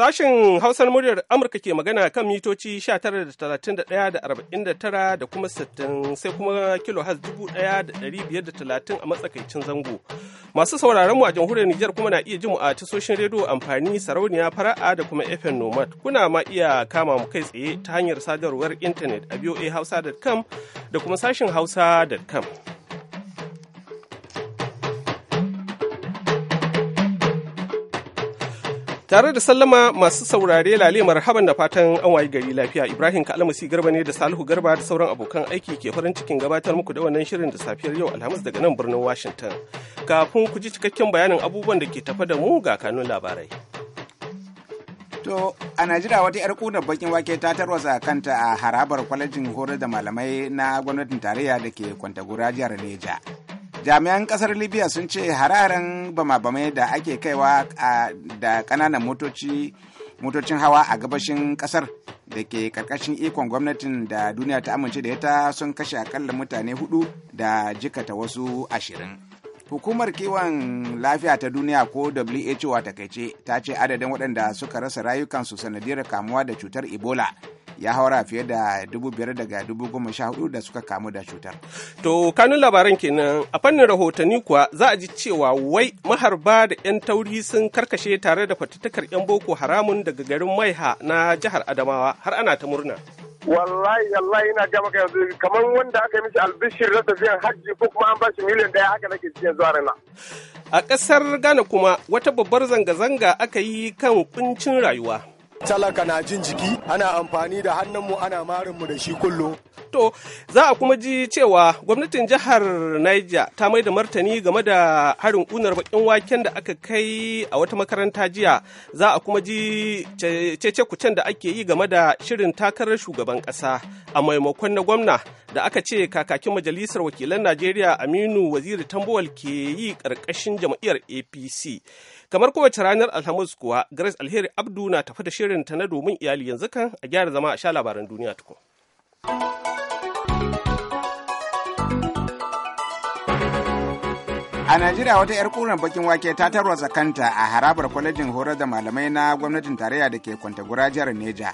Sashen Hausar muryar Amurka ke magana kan mitoci 19,31,49 da kuma 60 sai kuma kilohaz 1,530 a matsakaicin zango. Masu sauraron mu a jamhuriyar Nijar kuma na iya jin mu a tasoshin rediyo amfani sarauniya fara'a da kuma FM Nomad. Kuna ma iya kama mu kai tsaye ta hanyar sadarwar intanet a voahausa.com da kuma sashen hausa.com. Tare da sallama masu saurare lale marhaban da fatan an wayi gari lafiya Ibrahim Kalmasi Garba ne da Salihu Garba da sauran abokan aiki ke farin cikin gabatar muku da wannan shirin da safiyar yau Alhamis daga nan birnin Washington. Kafin ku ji cikakken bayanin abubuwan da ke tafa da mu ga kanun labarai. To a Najeriya wata 'yar kunar bakin wake ta tarwasa kanta a harabar kwalejin horar da malamai na gwamnatin tarayya da ke kwantagura jihar Neja. jami'an kasar libya sun ce hararen bama-bamai da ake kaiwa da kananan motoci motocin hawa a gabashin kasar da ke karkashin ikon gwamnatin da duniya ta amince da ita sun kashe akalla mutane hudu da jikata wasu ashirin hukumar kiwon lafiya ta duniya ko who a takaice ta ce adadin waɗanda suka rasa rayukansu sanadiyar kamuwa da cutar ebola ya haura fiye da dubu biyar daga dubu goma sha hudu da suka kamu da cutar. To kanun labaran kenan a fannin rahotanni kuwa za a ji cewa wai maharba da 'yan tauri sun karkashe tare da fatattakar 'yan boko haramun daga garin Maiha na jihar Adamawa har ana ta murna. wallahi wallahi ina ga maka yanzu kamar wanda aka yi miki albishir na tafiyan hajji ko kuma an ba shi miliyan daya haka nake ji zuwa rana. A ƙasar Ghana kuma wata babbar zanga-zanga aka yi kan kuncin rayuwa. talaka na jin jiki ana amfani da hannunmu ana marinmu da shi kullu To, za a kuma ji cewa gwamnatin jihar Niger ta mai da martani game da harin kunar bakin waken da aka kai a wata makaranta jiya. Za a kuma ji cece kucen da ake yi game da shirin takarar shugaban ƙasa a maimakon na gwamna da aka ce kakakin majalisar wakilan Najeriya Aminu Waziri Tambuwal ke yi ƙarƙashin jam'iyyar APC. Kamar kowace ranar Alhamis kuwa Grace Alheri Abdu na tafi da shirin ta na domin iyali yanzu kan a gyara zama a sha labaran duniya tukun. A Najeriya wata 'yar kuren bakin wake ta tarwa kanta a harabar kwalejin horar da malamai na gwamnatin tarayya da ke Kwantagura jihar Neja.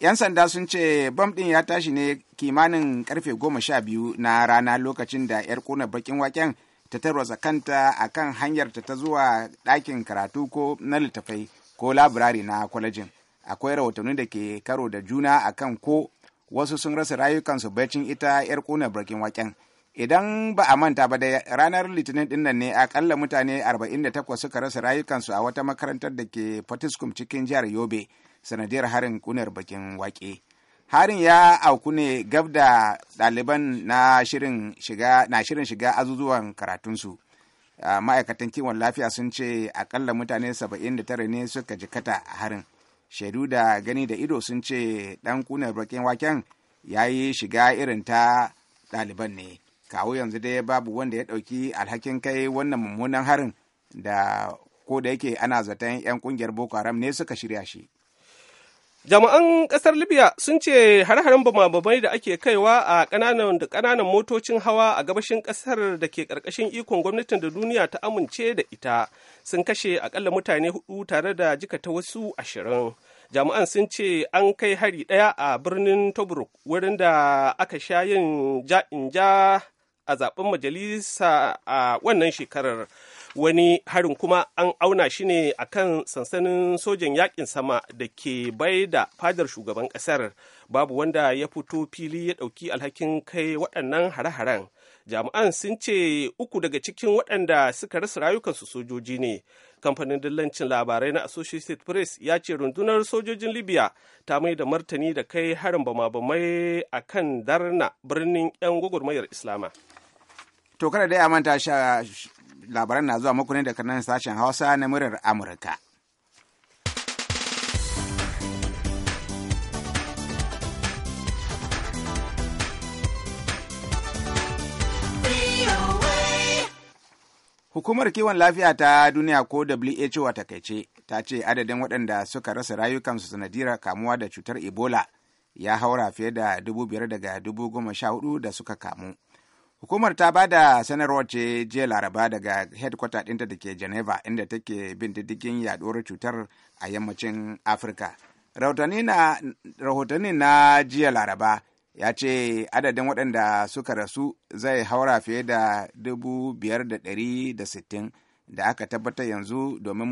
'Yan sanda sun ce bam din ya tashi ne kimanin karfe goma sha biyu na rana lokacin da 'yar kunar bakin waken ta tarwasa kanta a kan hanyarta ta zuwa ɗakin karatu ko na littafai ko labirari na kwalejin akwai rahotanni da ke karo da juna a kan ko wasu sun rasa rayukansu bacin ita 'yar kuna bakin waken idan ba a manta ba da ranar litinin dinnan ne akalla mutane 48 suka rasa rayukansu a wata makarantar da ke fatiskum cikin jihar yobe sanadiyar harin kunar bakin wake harin ya auku ne gab da ɗaliban na shirin shiga na shirin shiga azuzuwan karatunsu ma'aikatan kiwon lafiya sun ce akalla mutane saba'in da tara ne suka jikata a harin shaidu da gani da ido sun ce ɗan kunar bakin waken ya yi shiga irin ta ɗaliban ne kawo yanzu dai babu wanda ya ɗauki alhakin kai wannan mummunan harin da ko da yake ana zaton 'yan kungiyar boko haram ne suka shirya shi jama'an ƙasar Libya sun ce har-haren bama da ake kaiwa a ƙananan motocin hawa a gabashin ƙasar da ke ƙarƙashin ikon gwamnatin da duniya ta amince da ita sun kashe aƙalla mutane hudu tare da jikata wasu ashirin. Jami'an sun ce an kai hari ɗaya a birnin Tobruk wurin da aka sha yin ja-in-ja a zaben majalisa a wannan shekarar. wani harin kuma an auna shi ne a kan sansanin sojan yakin sama da ke bai da fadar shugaban kasar babu wanda ya fito fili ya ɗauki alhakin kai waɗannan hare-haren jami'an sun ce uku daga cikin waɗanda suka rasa rayukansu sojoji ne kamfanin dillancin labarai na associated press ya ce rundunar sojojin libya ta mai da martani da kai harin bama-bamai a kan darna birnin 'yan gwagwarmayar islama to kada dai a manta labaran na zuwa muku ne daga nan sashen Hausa na murar Amurka. Hukumar kiwon lafiya ta duniya ko WHO a takaice ta ce adadin waɗanda suka rasa rayukansu sanadira kamuwa da cutar Ebola ya haura fiye da dubu biyar daga dubu goma sha hudu da suka kamu. Hukumar ta ba da sanarwar ce jiya Laraba daga headquarter ɗinta da ke Geneva inda take bin diddigin yaduwar cutar a yammacin Afirka. Rahotanni na jiya Laraba ya ce adadin waɗanda suka rasu zai haura fiye da dubu biyar da ɗari da aka tabbatar yanzu domin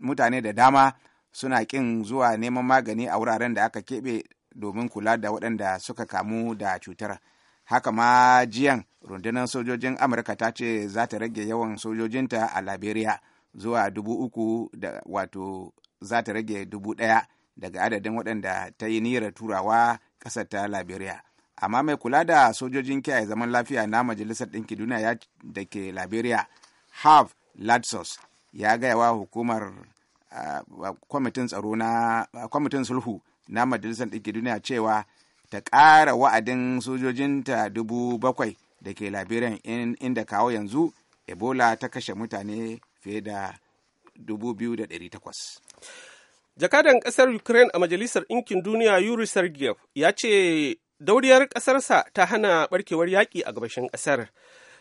mutane da dama suna ƙin zuwa neman magani a wuraren da aka keɓe domin kula da waɗanda suka kamu da cutar. haka ma jiyan rundunar sojojin amurka ta ce za ta rage yawan sojojinta a liberia zuwa dubu uku da wato za ta rage dubu ɗaya daga adadin waɗanda ta yi niyyar turawa ƙasar ta liberia amma mai kula da sojojin kiyaye zaman lafiya na majalisar ɗinki duniya da ke liberia harv ladsos ya gaya wa hukumar ah, kwamitin kwamitin sulhu na majalisar ɗinki duniya cewa ta ƙara wa'adin sojojinta dubu bakwai da ke labiran inda kawo yanzu ebola ta kashe mutane fiye da dubu biyu da ɗari takwas. jakadan ƙasar ukraine a majalisar ɗinkin duniya yuri sergeyev ya ce dauriyar ƙasarsa ta hana ɓarkewar yaƙi a gabashin ƙasar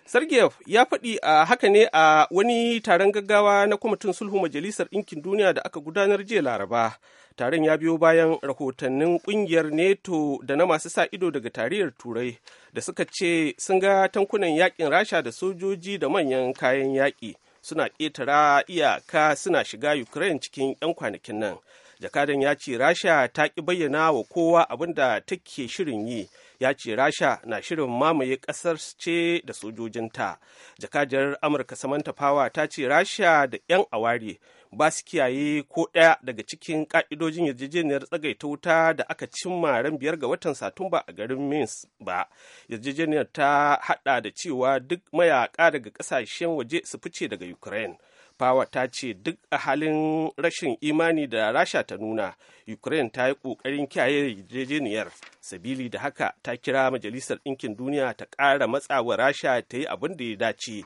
Sergeyev ya faɗi a haka ne a wani taron gaggawa na kwamitin sulhu majalisar ɗinkin duniya da aka gudanar jiya laraba. Taron ya biyo bayan rahotannin ƙungiyar NETO da na masu sa ido daga tariyar Turai da suka ce sun ga tankunan yakin Rasha da sojoji da manyan kayan yaƙi suna ƙetara iyaka suna shiga Ukraine cikin 'yan kwanakin nan. Jakadan ya ce Rasha ta ƙi bayyana wa kowa abin da take shirin yi. ya ce rasha na shirin mamaye ƙasar ce da sojojinta jakajiyar amurka samanta fawa ta ce rasha da 'yan aware ba su kiyaye ko ɗaya daga cikin ƙa'idojin yarjejeniyar tsagaita wuta da aka cimma ran biyar ga watan satumba a garin minsk ba yarjejeniyar ta haɗa da cewa duk mayaƙa daga ƙasashen waje su fice daga ukraine Fawa ta ce duk a halin rashin imani da Rasha ta nuna, Ukraine ta yi ƙoƙarin kiyaye yarjejeniyar. Sabili da haka ta kira Majalisar Ɗinkin Duniya ta ƙara matsawa Rasha ta yi abin da ya dace.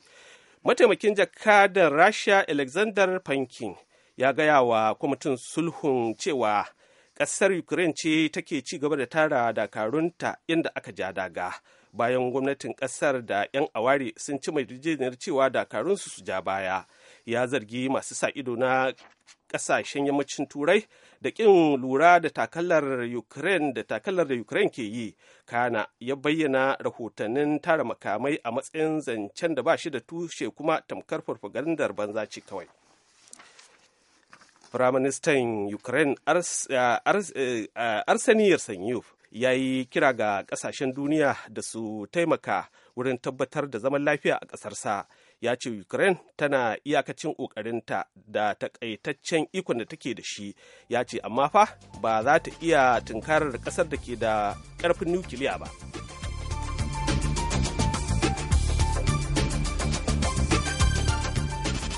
Mataimakin jakadan Rasha Alexander Pankin ya gaya wa kwamitin sulhun cewa ƙasar Ukraine ce take ci gaba da tara dakarunta inda aka ja daga. Bayan gwamnatin ƙasar da 'yan aware sun ci mai cewa dakarunsu su ja baya. ya zargi masu sa ido na kasashen yammacin turai da ƙin lura da takalar ukraine da takalar da ukraine ke yi kana ya bayyana rahotannin tara makamai a matsayin zancen da ba shi da tushe kuma tamkar farfagandar banza ce kawai firaministan ukraine arseniyar sanyev ya yi kira ga kasashen duniya da su taimaka wurin tabbatar da zaman lafiya a ƙasarsa ya ce ukraine tana iyakacin ƙoƙarinta da takaitaccen ikon da take da shi ya ce amma fa ba za ta iya tunkarar ƙasar da ke da ƙarfin nukiliya ba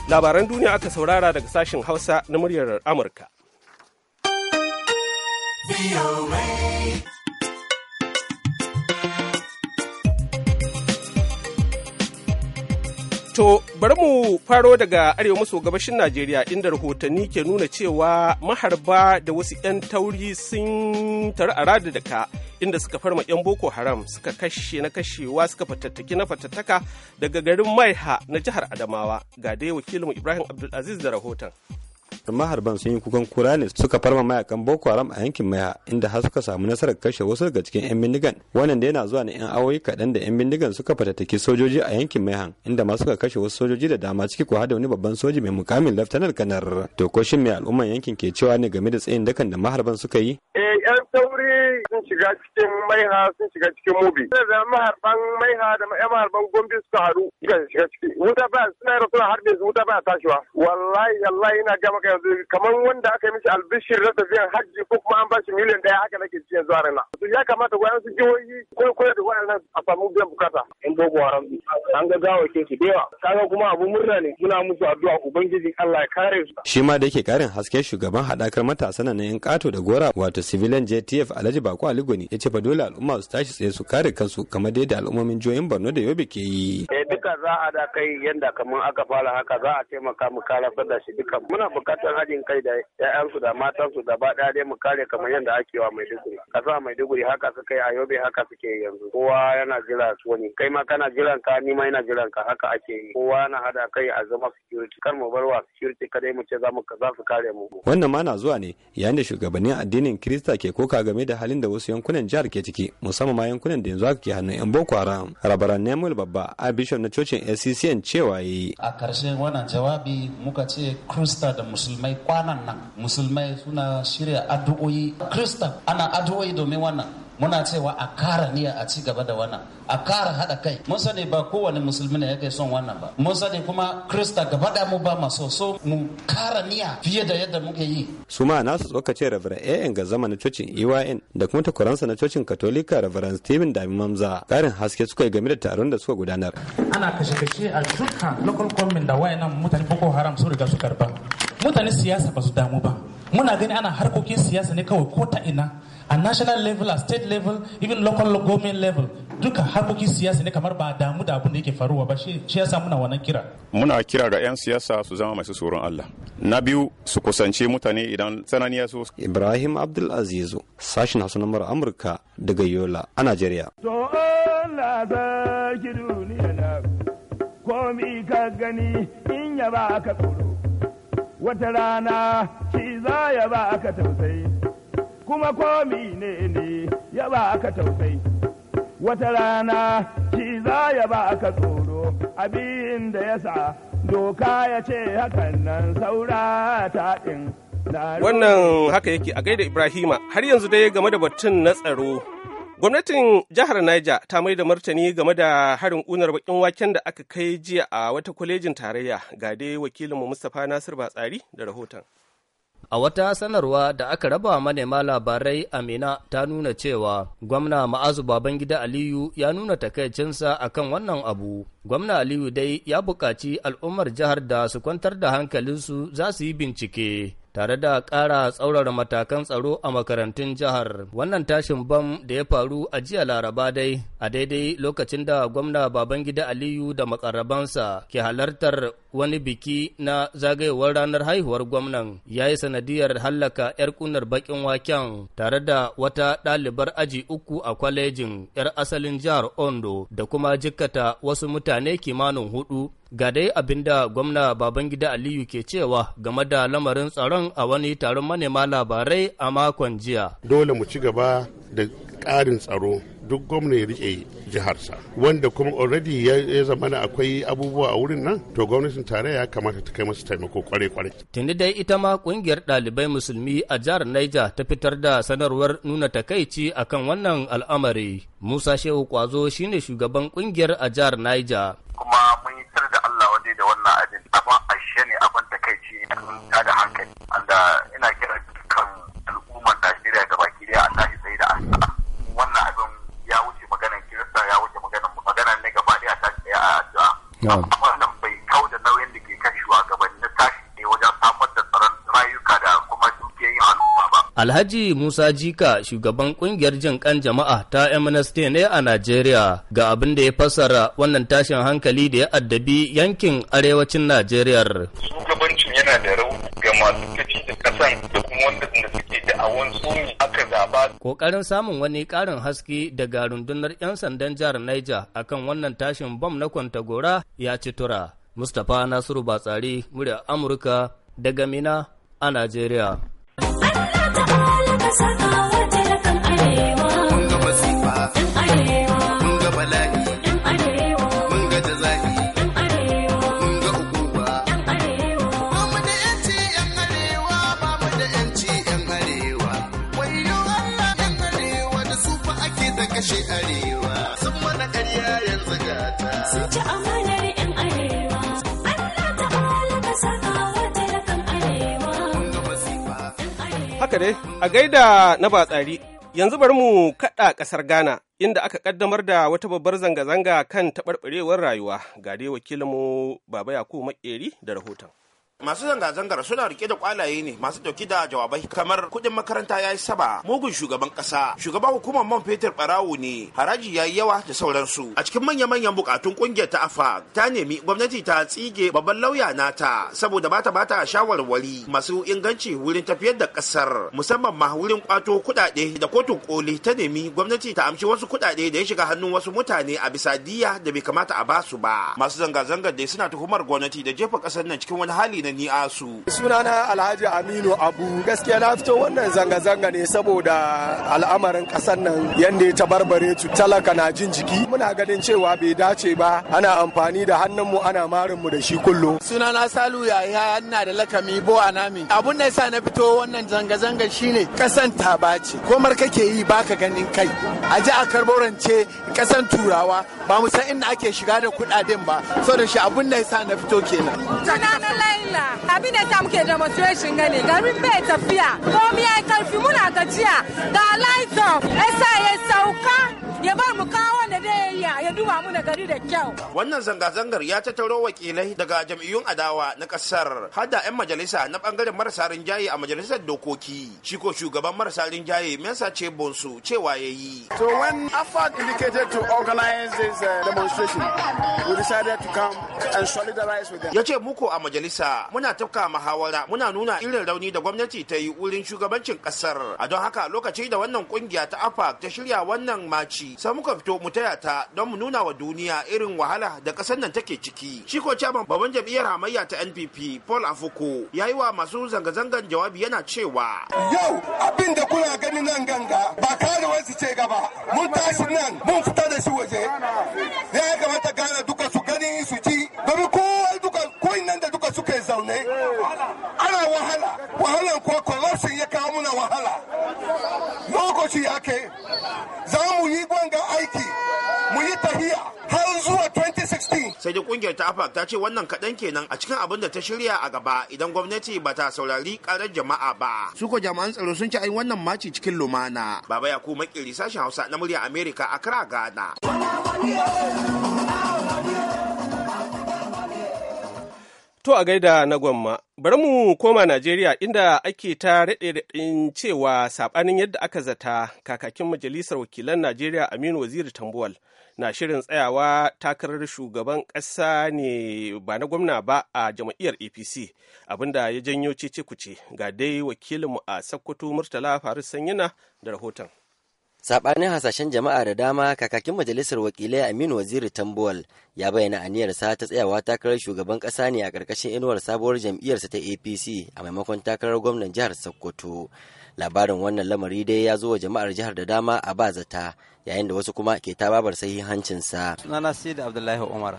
labaran duniya aka saurara daga sashen hausa na muryar amurka To bari mu faro daga arewa maso gabashin Najeriya inda rahotanni ke nuna cewa maharba da wasu 'yan tauri sun taru a rada da inda suka farma 'yan Boko Haram suka kashe na kashewa suka fatattaki na fatattaka daga garin Maiha na jihar Adamawa ga dai wakilinmu Ibrahim Abdulaziz da rahoton. maharban sun yi kukan kura ne suka farma mayakan boko haram a yankin maya inda har suka samu nasarar kashe wasu daga cikin yan bindigan wannan da yana zuwa ne yan awoyi kaɗan da yan bindigan suka fatattaki sojoji a yankin maiha inda ma suka kashe wasu sojoji da dama ciki ko da wani babban soji mai mukamin laftanar kanar to ko shin mai al'umman yankin ke cewa ne game da tsayin dakan da maharban suka yi eh yan sauri sun shiga cikin maiha sun shiga cikin mubi da maharban maiha da yan maharban gombe suka haru suka shiga ciki wuta ba suna yi suna harbe su wuta ba tashiwa wallahi wallahi ina ga maka yanzu kamar wanda aka yi mishi albishir na tafiyan hajji ko kuma an ba shi miliyan ɗaya haka nake ci yanzu a rana. Ya kamata wayansu jihohi ko ko da nan a samu biyan bukata. In Boko Haram an ga ke su dewa. Kaga kuma abun murna ne muna musu addu'a Ubangiji Allah ya kare su. Shi ma da yake karin haske shugaban haɗakar matasa na yan ƙato da gora wato civilian JTF Alhaji Bako Aligoni ya ce fa dole al'umma su tashi tsaye su kare kansu kamar da al'ummomin jihohin Borno da Yobe ke yi. Eh duka za a da kai yadda kamar aka fara haka za a taimaka mu kare da shi duka muna buƙatar fatan haɗin kai da 'ya'yansu da matansu gaba ɗaya dai mu kare kamar yadda ake wa Maiduguri. Kasa Maiduguri haka suka yi a Yobe haka suke yanzu. Kowa yana jira wani kai ma kana jiran ka ni ma yana jiran ka haka ake yi. Kowa na hada kai a zama security kar mu bar wa security kadai mu ce za mu za su kare mu. Wannan ma na zuwa ne yayin da shugabannin addinin Kirista ke koka game da halin da wasu yankunan jihar ke ciki musamman ma yankunan da yanzu ake ke hannun 'yan Boko Haram. Rabaran Nemuel Babba a bishop na cocin SCCN cewa yayi. A ƙarshe wannan jawabi muka ce Kirista da Musulmi musulmai kwanan nan musulmai suna shirya addu'o'i kristan ana addu'o'i domin wannan muna cewa a kara niyya a ci gaba da wannan a kara haɗa kai mun sani ba kowane musulmi ne yake son wannan ba mun sani kuma krista gaba da mu ba maso so mu kara niyya fiye da yadda muke yi su ma nasu tsokace rabara a ga zama na cocin EYN da kuma takwaransa na cocin katolika rabaran Stephen Dami Mamza karin haske suka yi game da taron da suka gudanar ana kashe-kashe a dukkan local government da wayannan mutane Boko Haram sun riga su karba mutane siyasa ba su damu ba muna gani ana harkokin siyasa ne kawai ko ta ina a national level a state level even local government level duka harkokin siyasa ne kamar ba damu da abin da yake faruwa ba shi yasa muna wannan kira muna kira ga 'yan siyasa su zama masu tsoron Allah na biyu su kusance mutane idan sananiya su Ibrahim Abdul Azizu sashin Hausa na Amurka daga Yola a Najeriya to komi ka gani in ya ba tsoro wata rana shi za ya ba ka tausayi kuma komi ne ne ya ba aka tausayi wata rana shi za ya ba aka tsoro abin da ya sa doka ya ce hakan nan saura ta ɗin wannan haka yake a gaida ibrahima har yanzu dai game da batun na tsaro gwamnatin jihar niger ta mai da martani game da harin unar bakin waken da aka kai jiya a wata kwalejin tarayya ga dai wakilinmu mustapha nasir batsari da rahoton A wata sanarwa da aka raba manema labarai Amina ta nuna cewa gwamna Ma'azu Babangida Aliyu ya nuna takaicinsa a kan wannan abu. Gwamna Aliyu dai ya buƙaci al'ummar jihar da su kwantar da hankalinsu za su yi bincike. tare da ƙara tsaurara matakan tsaro a makarantun jihar. Wannan tashin bam da ya faru a jiya Laraba dai a daidai lokacin da gwamna Babangida Aliyu da makarabansa ke halartar wani biki na zagayowar ranar haihuwar gwamnan ya yi sanadiyar hallaka 'yar kunar bakin waken tare da wata ɗalibar aji uku a kwalejin 'yar asalin jihar Ondo da kuma jikkata wasu mutane kimanin hudu Ga dai abinda gwamna Babangida Aliyu ke cewa game da lamarin tsaron a wani taron manema labarai a makon jiya. Dole mu ci gaba da ƙarin tsaro duk gwamna ya rike jiharsa wanda kuma already ya zamana akwai abubuwa a wurin nan to gwamnatin ya kamata ta kai masa taimako kware kware tuni dai ita ma kungiyar ɗalibai musulmi a jihar Niger ta fitar da sanarwar nuna takaici akan wannan al'amari Musa Shehu Kwazo shine shugaban kungiyar a jihar Niger wannan abin abin ashe ne abin da kai ci ta da hankali anda ina kira dukkan al'ummar Najeriya ga baki daya ta ya sai da asara wannan abin ya wuce maganar kirista ya wuce maganar ne gaba daya ta tsaye a addu'a Alhaji Musa Jika shugaban kungiyar jin kan jama'a ta Amnesty ne a Najeriya ga abin da ya fassara wannan tashin hankali da ya addabi yankin arewacin Najeriya. Shugabancin yana da rauni ga masu kaci da kasan da kuma wanda suke da awon tsomi aka zaba. Kokarin samun wani karin haske daga rundunar 'yan sandan jihar Niger akan wannan tashin bom na Kwantagora ya ci tura. Mustapha Nasiru Batsari, murya Amurka daga Mina a Najeriya. casa. A gaida na batsari, yanzu bari mu kaɗa ƙasar Ghana inda aka ƙaddamar da wata babbar zanga-zanga kan taɓarɓarewar rayuwa. Ga wakilinmu Baba Yakubu Makeri da rahoton. masu zanga-zangar suna rike da kwalaye ne masu dauki da jawabai kamar kuɗin makaranta ya yi saba mugun shugaban ƙasa, shugaban hukumar man fetur barawo ne haraji ya yi yawa da sauransu a cikin manya-manyan bukatun kungiyar ta afa ta nemi gwamnati ta tsige babban lauya nata saboda bata bata shawarwari masu inganci wurin tafiyar da ƙasar, musamman ma wurin kwato kuɗaɗe da kotun koli ta nemi gwamnati ta amshi wasu kuɗaɗe da ya shiga hannun wasu mutane a bisa diya da bai kamata a basu ba masu zanga-zangar dai suna tuhumar gwamnati da jefa kasar nan cikin wani hali na ni asu sunana alhaji aminu abu gaskiya na fito wannan zanga-zanga ne saboda al'amarin ƙasar nan yadda ya tabarbare su talaka na jin jiki muna ganin cewa bai dace ba ana amfani da hannunmu ana marin mu da shi kullu sunana salu yi ina da lakami bo anami abun da yasa na fito wannan zanga-zanga shine ƙasan ta bace komar kake yi baka ganin kai a ji a karborance ƙasan turawa ba mu san inda ake shiga da kuɗaɗen ba saboda shi abun da yasa na fito kenan sunana laila saboda abin da ta muke demonstration gane garin bai tafiya komi ya karfi muna gajiya ga light of esa ya sauka ya bar mu kawo da dai ya ya duba mu da gari da kyau. Wannan zanga-zangar ya tattaro wakilai daga jam'iyyun adawa na kasar hada 'yan majalisa na bangaren marasa rinjaye a majalisar dokoki. Shi ko shugaban marasa rinjaye Mensa ce Bonsu cewa ya yi. So when AFAD indicated to organize this uh, demonstration, we decided to come and solidarize with them. Ya ce muku a majalisa muna tafka muhawara muna nuna irin rauni da gwamnati ta yi wurin shugabancin kasar a don haka lokaci da wannan kungiya ta afa ta shirya wannan maci sai muka fito mu taya ta don mu nuna wa duniya irin wahala da kasar nan take ciki shi ko chairman babban jam'iyyar hamayya ta NPP Paul Afuko ya yi wa masu zanga-zangan jawabi yana cewa yau abin da kuna gani nan ganga ba kare wasu ce gaba mun tashi nan mun fita da shi waje ya kamata gane duka su gani su ci domin kowa duka koyin nan da duka muke zaune ana wahala wahalan kuwa corruption ya kawo muna wahala lokaci ya ke za mu yi gwanga aiki mu yi tahiya har zuwa 2016 sai da kungiyar ta afak ta ce wannan kaɗan kenan a cikin abin da ta shirya a gaba idan gwamnati ba ta saurari karar jama'a ba su ko jama'an tsaro sun ci ayi wannan maci cikin lumana baba ya ku makiri sashen hausa na murya Amerika a kira ghana To a gaida na gwamma, bari mu koma Najeriya inda ake ta rade in cewa saɓanin yadda aka zata kakakin Majalisar Wakilan Najeriya Aminu Waziri Tambuwal na shirin tsayawa takarar shugaban ƙasa ne ba na gwamna ba a jam'iyyar APC abinda ya janyo cece kuce ga dai wakilinmu a Sokoto Murtala Faris Sanyina da rahoton. Saɓanin hasashen jama'a da dama kakakin majalisar wakilai Aminu Waziri Tambuwal ya bayyana aniyarsa ta tsayawa takarar shugaban ƙasa ne a ƙarƙashin inuwar sabuwar jam'iyyarsa ta APC a maimakon takarar gwamnan jihar Sokoto. Labarin wannan lamari dai ya zo wa jama'ar jihar da dama a ba zata yayin da wasu kuma ke tababar sa Sunana da Abdullahi Umar.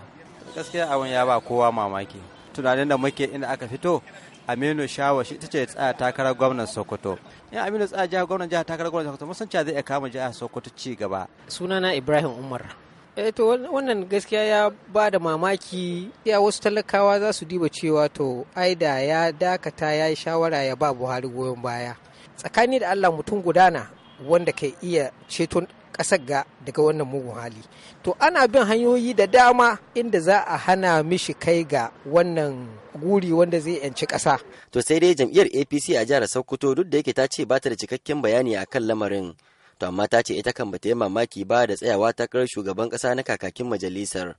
Gaskiya abin ya ba kowa mamaki. Tunanin da muke inda aka fito aminu shawa shi ita ce tsaya takarar gwamnan sokoto Ya aminu tsaya jihar gwamnan jihar takarar gwamnan sokoto musan cewa zai iya kama jihar sokoto ci gaba sunana ibrahim umar eh to wannan gaskiya ya ba da mamaki ya wasu talakawa za su diba cewa to aida ya dakata ya yi shawara ya ba buhari goyon baya tsakani da allah mutum gudana wanda ke iya ceton ƙasar ga daga wannan mugun hali to ana bin hanyoyi da dama inda za a hana mishi kai ga wannan guri wanda zai yanci ƙasa to sai dai jam'iyyar apc a jihar sokoto duk da yake ta ce ba ta da cikakken bayani a kan lamarin to amma ta ce ita kan ba ta yi mamaki ba da tsayawa takarar shugaban ƙasa na kakakin majalisar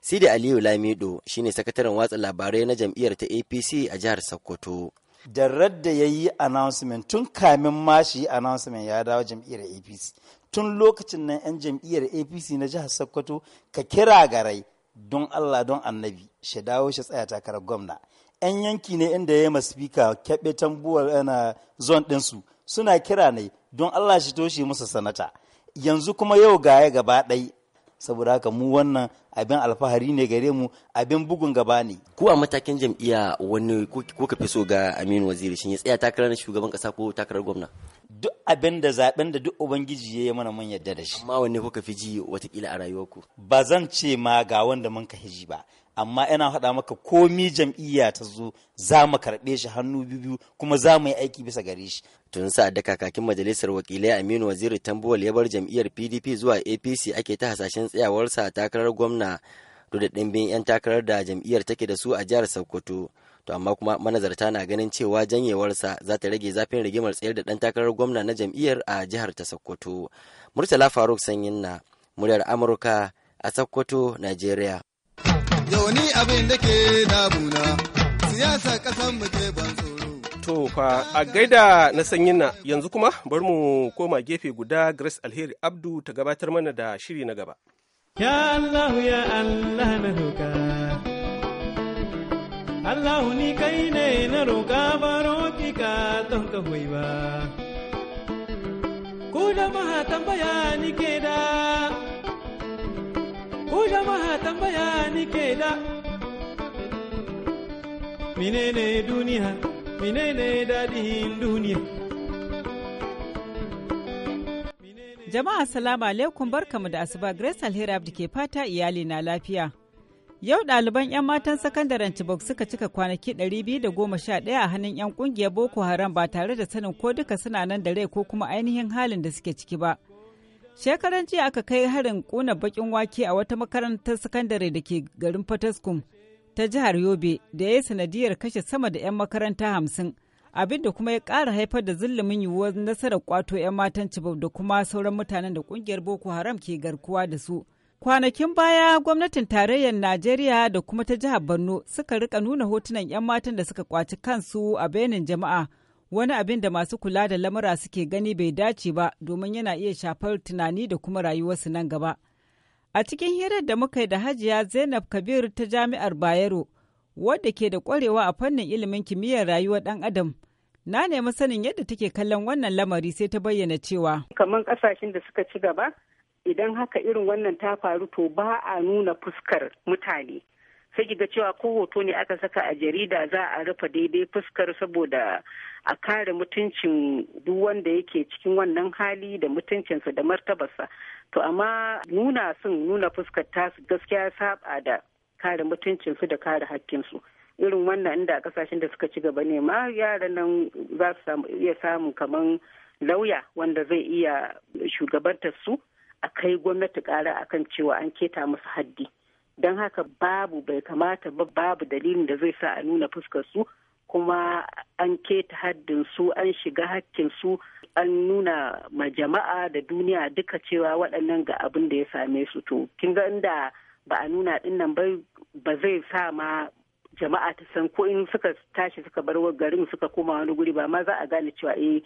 sidi aliyu lamido shine sakataren watsa labarai na jam'iyyar ta apc a jihar sokoto da radda ya yi announcement tun kamin ma shi announcement ya dawo jam'iyyar apc tun lokacin nan 'yan jam'iyyar apc na jihar sokoto ka kira garai don allah don annabi shi dawo shi tsaya takarar gwamna 'yan yanki ne inda ya yi maspika keɓe tambuwar yana zon ɗinsu suna kira ne don allah shi toshe musu sanata yanzu kuma yau ga ya gaba ɗai saboda haka mu wannan abin alfahari ne gare mu abin bugun gaba ne ko a matakin jam'iyya wani ko ka fi so ga Aminu Waziri shin ya tsaya takarar shugaban kasa ko takarar gwamna duk abin da zaben da duk ubangiji ya yi mana mun yadda da shi amma wanne ka fi ji watakila a rayuwarku ba zan ce ma ga wanda mun ka hiji ba amma yana haɗa maka komi jam'iyya ta zo za mu karɓe shi hannu biyu kuma za mu yi aiki bisa gare shi. Tun sa da kakakin majalisar wakilai Aminu Waziri Tambuwal ya bar jam'iyyar PDP zuwa APC ake ta hasashen tsayawarsa takarar gwamna duk da ɗimbin 'yan takarar da jam'iyyar take da su a jihar Sokoto. To amma kuma manazarta na ganin cewa janyewarsa za ta rage zafin rigimar tsayar da ɗan takarar gwamna na jam'iyyar a jihar ta Sokoto. Murtala Faruk Sanyin na muryar Amurka a Sokoto, Najeriya. yawani abin da ke damuna siyasa ƙasan mu ke ban tsoro. To fa a gaida na sanyin na yanzu kuma bari mu koma gefe guda Grace Alheri Abdu ta gabatar mana da shiri na gaba. Ya Allah ya Allah na roƙa. Allah ni kai ne na roƙa ba roƙi ka don ka hoyi ba. Ku da tambaya ni ke da. ku jama'a tambaya ni ke da menene duniya menene duniya jama'a salamu alaikum barkamu da asuba grace alheri abdi ke fata iyali na lafiya Yau ɗaliban 'yan matan sakandaren Chibok suka cika kwanaki 211 a hannun 'yan ƙungiyar Boko Haram ba tare da sanin ko duka suna nan da rai ko kuma ainihin halin da suke ciki ba. Shekaran jiya aka kai harin kuna bakin wake a wata makarantar sakandare da ke garin Fataskum ta jihar Yobe da ya yi sanadiyar kashe sama da 'yan makaranta hamsin. abin da kuma ya kara haifar da zulumin yiwuwar nasarar kwato 'yan matan cibab da kuma sauran mutanen da kungiyar boko haram ke garkuwa da su kwanakin baya gwamnatin tarayyar najeriya da kuma ta jihar borno suka rika nuna hotunan 'yan matan da suka kwaci kansu a benin jama'a wani abin da masu kula da lamura suke gani bai dace ba domin yana iya shafar tunani da kuma rayuwarsu nan gaba. A cikin hirar da muka yi da hajiya Zainab Kabir ta jami'ar Bayero, wadda ke da ƙwarewa a fannin ilimin kimiyyar rayuwar ɗan adam, na nemi sanin yadda take kallon wannan lamari sai ta bayyana cewa. Kamar ƙasashen da suka ci gaba, idan haka irin wannan ta faru to ba a nuna fuskar mutane. sai ki ga cewa ko hoto ne aka saka a jarida za a rufe daidai fuskar saboda a kare mutuncin duk wanda yake cikin wannan hali da mutuncinsa da martabarsa to amma nuna sun nuna fuskar tasu gaskiya saba da kare mutuncinsu da kare hakkinsu irin wannan inda kasashen da suka ci gaba ne ma yaran nan za su iya samu kaman lauya wanda zai iya shugabantar su a kai gwamnati kara akan cewa an keta musu haddi don haka babu bai kamata ba babu dalilin da zai sa a nuna fuskar su kuma an keta haddin su an shiga hakkin su an nuna ma jama'a da duniya duka cewa waɗannan ga abin da ya same su to kin ga inda ba a nuna dinnan ba zai sa ma jama'a ta san ko in suka tashi suka bar garin suka koma wani guri ba ma za a gane cewa eh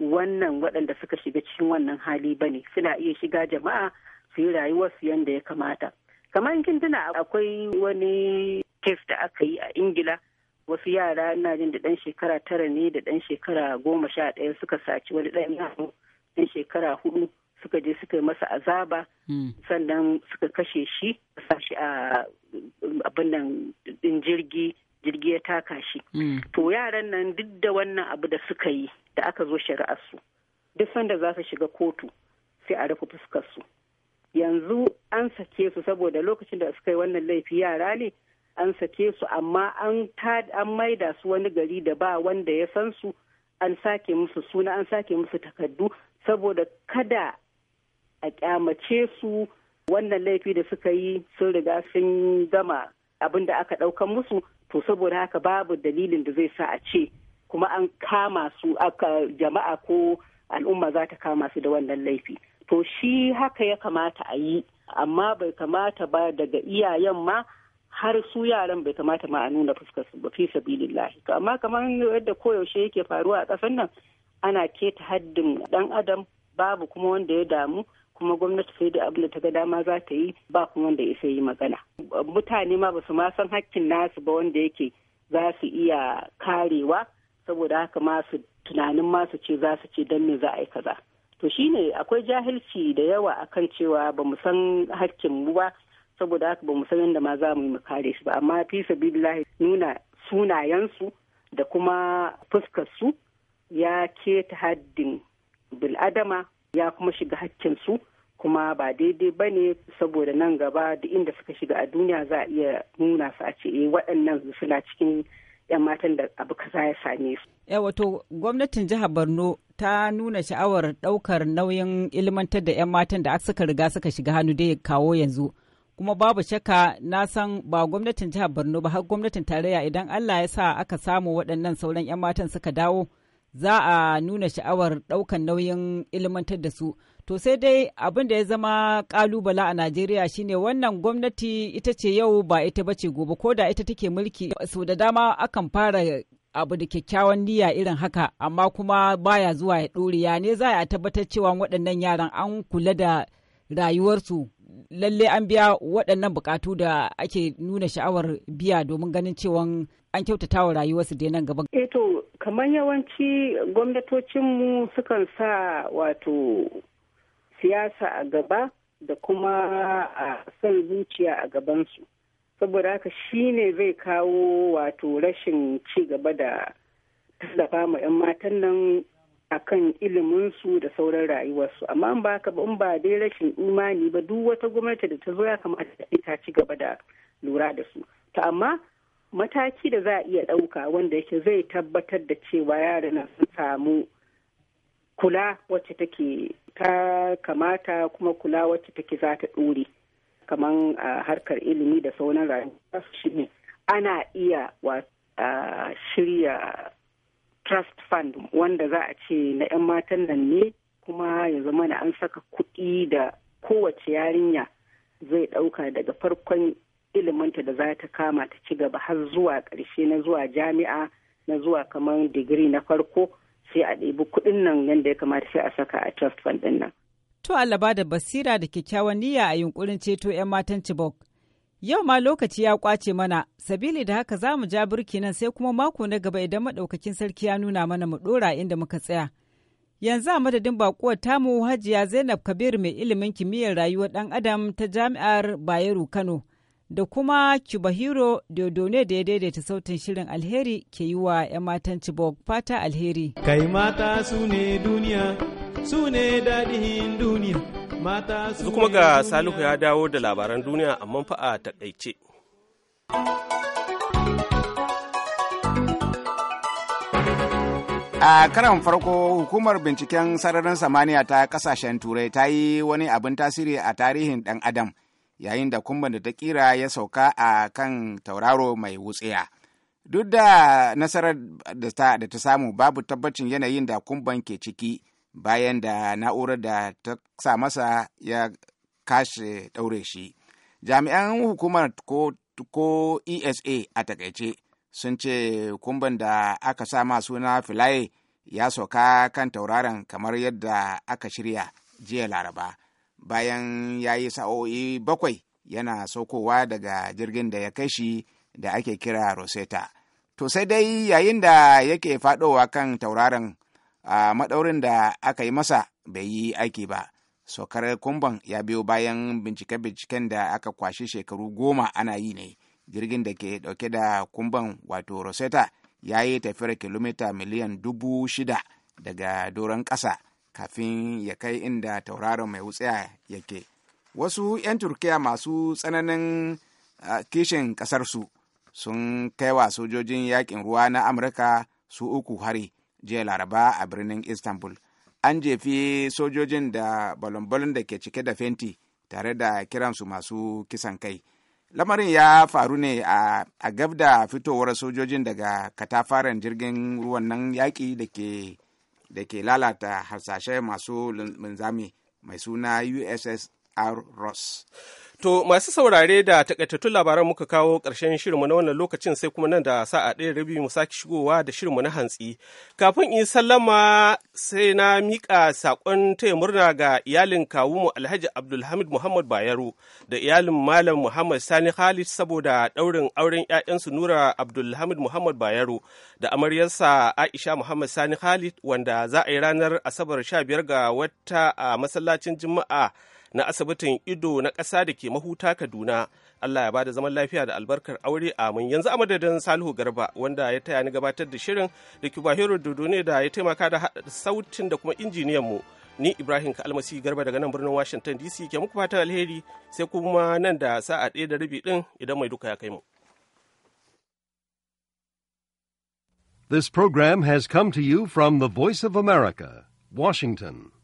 wannan waɗanda suka shiga cikin wannan hali ba ne suna iya shiga jama'a su yi rayuwarsu yadda ya kamata kamar kin tuna akwai wani test da aka yi a ingila wasu yara ina jin da dan shekara tara ne da dan shekara goma sha ɗaya suka saci wani ɗan yaro dan shekara hudu suka je suka yi masa azaba hmm. sannan suka kashe shi a abin nan din jirgi jirgi ya taka shi hmm. to yaran nan duk da wannan abu da suka yi da aka zo shari'ar su duk sanda za su shiga kotu sai a rufe fuskar su yanzu an sake su saboda lokacin da suka yi wannan laifi yara ne an sake su amma an maida su wani gari da ba wanda ya san su an sake musu suna an sake musu takardu saboda kada a kyamace su wannan laifi da suka yi sun riga sun gama abin da aka ɗauka musu to saboda haka babu dalilin da zai sa a ce kuma an kama su aka jama'a ko al'umma za ta kama su da wannan laifi to shi haka ya kamata a yi amma bai kamata ba daga iyayen ma har su yaran bai kamata ma a nuna fuskar su ba fi sabilillahi to amma kamar yadda koyaushe yake faruwa a ƙasar nan ana keta haddin ɗan adam babu kuma wanda ya damu kuma gwamnati sai da abin da ta ga dama za ta yi ba kuma wanda ya sai yi magana mutane ma ba ma san hakkin nasu ba wanda yake za su iya karewa saboda haka ma tunanin ma su ce za su ce don me za a yi kaza to shine akwai jahilci da yawa a kan cewa ba mu san hakkin mu ba saboda haka ba mu san yadda ma za mu yi kare su ba amma fi sabilillahi nuna sunayensu da kuma fuskarsu ya keta haddin bil'adama ya kuma shiga hakkinsu kuma ba daidai ba ne saboda nan gaba da inda suka shiga a duniya za a iya nuna su a ce eh, waɗannan suna cikin 'yan matan da abu kaza ya same su. wato gwamnatin jihar Borno ta nuna sha'awar ɗaukar nauyin ilmantar da 'yan matan da suka riga suka shiga hannu dai kawo yanzu. Kuma babu shakka na san ba gwamnatin jihar Borno ba har gwamnatin tarayya idan Allah ya sa aka samu waɗannan sauran 'yan matan suka dawo za a nuna sha'awar ɗaukar nauyin ilmantar da su. To sai dai abin da ya zama kalubala a Najeriya shine wannan gwamnati ita ce yau ba ita ba ce gobe ko da ita take mulki sau da dama akan fara abu da kyakkyawan niyya irin haka amma kuma baya zuwa ya ɗore ya ne za a tabbatar cewa waɗannan yaran an kula da rayuwarsu lalle an biya waɗannan buƙatu da ake nuna sha'awar biya domin ganin cewa an kyautata wa rayuwarsu da nan gaba. E to kamar yawanci gwamnatocinmu sukan sa wato siyasa a gaba da kuma a son zuciya a gabansu. saboda haka shi ne zai kawo wato rashin ci gaba da tallafa ma 'yan matan nan akan iliminsu da sauran rayuwarsu amma in ba ka in ba dai rashin imani ba duk wata gwamnati da ta zo ya kamata ta ci gaba da lura da su ta amma mataki da za a iya ɗauka wanda yake zai tabbatar da cewa yaran sun samu kula wacce take ta kamata kuma kula wacce take za ta ɗore kamar harkar ilimi da sauran rayuwa shi ne ana iya shirya trust fund wanda za a ce na 'yan matan nan ne kuma ya zama na an saka kuɗi da kowace yarinya zai ɗauka daga farkon iliminta da za ta kama ta ci gaba har zuwa ƙarshe na zuwa jami'a na zuwa kamar digiri na farko sai a ɗebi kuɗin nan yadda ya kamata sai a saka a trust fund ɗin nan To Allah ba da basira da kyakkyawan niyya a yunkurin ceto 'yan matan Chibok. Yau ma lokaci ya kwace mana, sabili da haka za mu ja birki nan sai kuma mako na gaba idan maɗaukakin sarki ya nuna mana mu ɗora inda muka tsaya. Yanzu a madadin bakuwar tamu hajiya Zainab Kabir mai ilimin kimiyyar rayuwar ɗan Adam ta Jami'ar Bayero Kano. da kuma Cubahiro Dodone da ya daidaita sautin shirin alheri ke yi wa 'yan matan Chibok fata alheri. Kai mata su ne duniya, su ne daɗin duniya, mata su ne kuma ga Salihu ya dawo da labaran duniya amma fa a taƙaice. A karan farko hukumar binciken sararin samaniya ta kasashen turai ta yi wani abin tasiri a tarihin ɗan adam. yayin da kumban da ta kira ya sauka a kan tauraro mai wutsiya duk da nasarar da ta, samu babu tabbacin yanayin da kumban ke ciki bayan da na'urar da ta sa masa ya kashe ɗaure shi jami'an hukumar ko, esa a takaice sun ce kumban da aka sa ma suna filaye ya sauka kan tauraron kamar yadda aka shirya jiya laraba bayan ya yi sa'o'i bakwai yana saukowa daga jirgin da ya kai shi da ake kira rosetta to sai dai yayin da yake faɗowa kan tauraron a maɗaurin da aka yi masa bai yi aiki ba saukar kumban ya biyo bayan bincike-binciken da aka kwashe shekaru goma ana yi ne jirgin da ke ɗauke da kumban wato rosetta ya yi tafiyar kilomita miliyan dubu shida daga doron ƙasa kafin ya kai inda tauraron mai wutsiya yake wasu 'yan turkiya masu tsananin kishin kasarsu sun kai wa sojojin yakin ruwa na amurka su uku hari jiya laraba a birnin istanbul an jefi sojojin da balon da ke cike da fenti tare da kiransu masu kisan kai lamarin ya faru ne a gab da fitowar sojojin daga katafaren jirgin ruwan nan yaƙi da ke da ke lalata hasashe masu linzami mai suna ussr ross To masu saurare da takaitattun labaran muka kawo ƙarshen shirin na wannan lokacin sai kuma nan da sa'a ɗaya rabi mu sake shigowa da shirin na hantsi. Kafin in sallama sai na miƙa saƙon taya murna ga iyalin kawunmu Alhaji Abdulhamid Muhammad Bayero da iyalin Malam Muhammad Sani Khalid saboda ɗaurin auren ‘ya'yansu Nura Abdulhamid Muhammad Bayero da amaryarsa Aisha Muhammad Sani Khalid wanda za a yi ranar Asabar 15 ga wata a masallacin Juma'a na asibitin ido na ƙasa da ke mahuta kaduna allah ya bada zaman lafiya da albarkar aure amin yanzu a madadin salihu garba wanda ya taya ni gabatar da shirin da cuba dodone dodo ne da ya taimaka da sautin da kuma injiniyan mu ni ibrahim kalmasi garba daga nan birnin washington dc ke muku fatan alheri sai kuma nan da sa'a ɗaya da rabi ɗin idan mai duka ya kai mu. This program has come to you from the Voice of America, Washington.